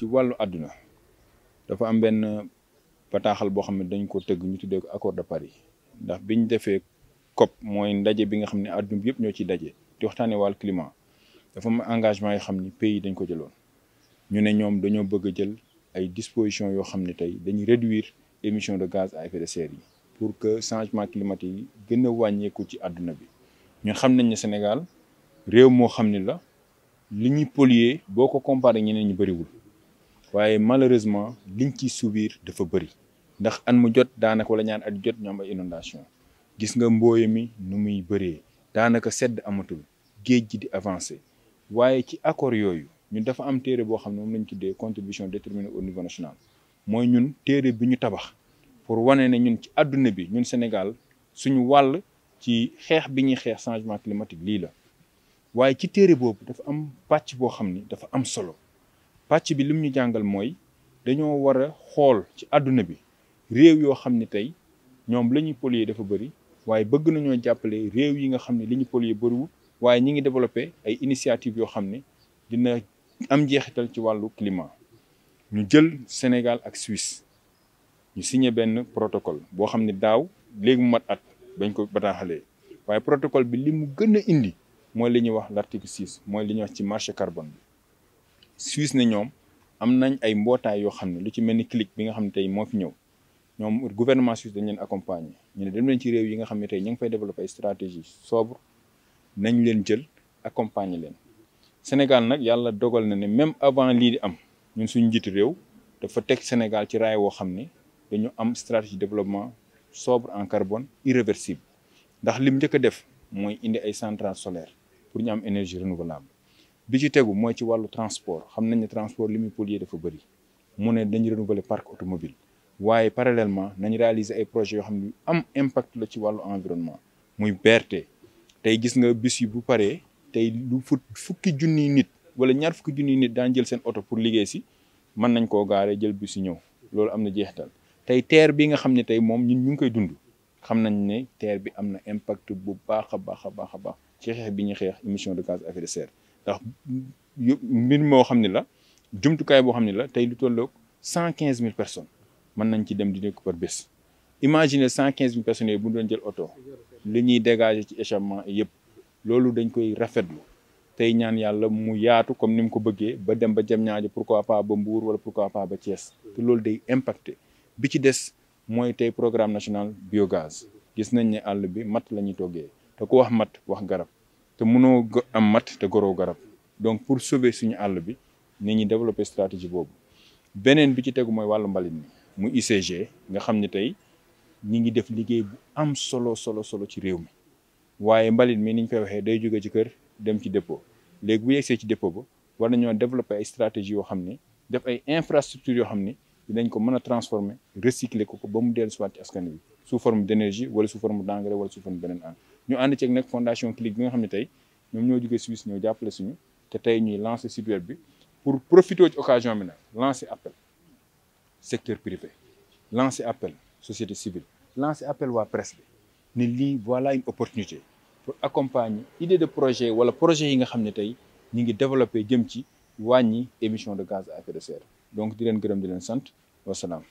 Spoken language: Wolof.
ci wàllu àdduna dafa am benn bataaxal boo xam ne dañ ko tëgg ñu tuddee ko accord de Paris ndax bi ñu defee COP mooy ndaje bi nga xam ne àdduna bi yëpp ñoo ciy daje di waxtaanee wàllu climat dafa ma engagement yoo xam ni pays dañ ko jëloon ñu ne ñoom dañoo bëgg a jël ay disposition yoo xam ne tey dañuy réduire émission de gaz à de serre yi pour que changement climatique yi gën wàññeeku ci àdduna bi ñu xam nañ ne Sénégal réew moo xam ne la li ñuy polluer boo ko comparé ñeneen ñu bëriwul waaye malheureusement liñ ciy subir dafa bëri ndax an mu jot daanaka wala ñaan at jot ñu am ay inondation gis nga mbooya mi nu muy bëree daanaka sedd amatul géej gi di avancé waaye ci accord yooyu ñun dafa am téere boo xam ne moom lañ tuddee contribution déterminée au niveau national mooy ñun téere bi ñu tabax pour wane ne ñun ci àdduna bi ñun Sénégal suñu wàll ci xeex bi ñuy xeex changement climatique lii la waaye ci téere boobu dafa am pàcc boo xam ni dafa am solo pàcc bi lim ñu jàngal mooy dañoo war a xool ci àdduna bi réew yoo xam ne tey ñoom la ñuy polluer dafa bëri waaye bëgg nañoo jàppale réew yi nga xam ne li ñu polluer bëriwul waaye ñi ngi développé ay initiative yoo xam ne dina am jeexital ci wàllu climat ñu jël Sénégal ak Suisse ñu signé benn protocole boo xam ne daaw léegi mu mat at bañ ko bataaxalee waaye protocole bi li mu gën a indi mooy li ñuy wax l'article six mooy li ñuy wax ci marché carbone Suisse ne ñoom am nañ ay mbootaay yoo xam ne lu ci mel ni CLIC bi nga xam ne tey moo fi ñëw ñoom gouvernement suisse dañu leen accompagner ñu ne dem leen ci réew yi nga xam ne tey ñu ngi fay développer ay stratégie nañ leen jël accompagner leen Sénégal nag yàlla dogal na ne même avant lii di am ñun suñu njiitu réew dafa teg Sénégal ci raay woo xam ne dañu am stratégie développement sobre en carbone irréversible ndax lim njëkk a def mooy indi ay centrales solaires pour ñu am énergie renouvelable bi ci tegu mooy ci wàllu transport xam nañ ne transport li muy polluer dafa bëri mu ne dañu renouveler parc automobile waaye parallèlement nañ réaliser ay projets yoo xam ne am impact la ci wàllu environnement muy BRT tey gis nga bis yi bu paree tey lu fukki junniy nit wala ñaar fukki junniy nit daan jël seen oto pour liggéey si mën nañ koo gaaree jël bis yi ñëw loolu am na jeexital tey TER bi nga xam ne tey moom ñun ñu ngi koy dund xam nañ ne TER bi am na impact bu baax a baax a baax a baax ci bi ñuy xeex émission de gaz à effet ndax mbir moo xam ne la jumtukaay boo xam ne la tey lu tolloog cent quinze mille personnes mën nañ ci dem di nekk par bés imagine cent quinze mille personnes yooyu bu doon jël oto li ñuy dégager ci échappement yëpp loolu dañ koy rafetlu tey ñaan yàlla mu yaatu comme ni mu ko bëggee ba dem ba jam ñaajo pourquoi pas ba Mbour wala pourquoi pas ba Thiès te loolu day impacté bi ci des mooy tey programme national biogaz gis nañ ne àll bi mat la ñuy toggee te ku wax matt wax garab te mënoo am mat te goroo garab donc pour sauver suñu àll bi ni ñi développer stratégie boobu beneen bi ci tegu mooy wàll mbalit mi mu ICG nga xam ne tey ñi ngi def liggéey bu am solo solo solo ci réew mi waaye mbalit mi ni ñu koy waxee day jóge ci kër dem ci dépôt léegi bu yegsee ci dépôt ba war ñoo développer ay stratégie yoo xam ne def ay infrastructures yoo xam ni dinañ ko mën a transformer recycler ko ko ba mu dellu si waat ci askan wi sous forme d' énergie wala sous forme d' engrais wala sous forme beneen engrais ñu ànd ceeg nag fondation CLIC bi nga xam ne tey ñoom ñoo jógee Suisse ñoo jàppale suñu te tey ñuy lancer site bi pour profiter ci occasion bi nag lancer appel secteur privé lancer appel société civile lancer appel waa presse bi ne lii voilà une opportunité pour accompagner idée de projet wala projet yi nga xam ne tey ñu ngi développé jëm ci wàññi émission de gaz à effet donc di leen gërëm di leen sant wasalaam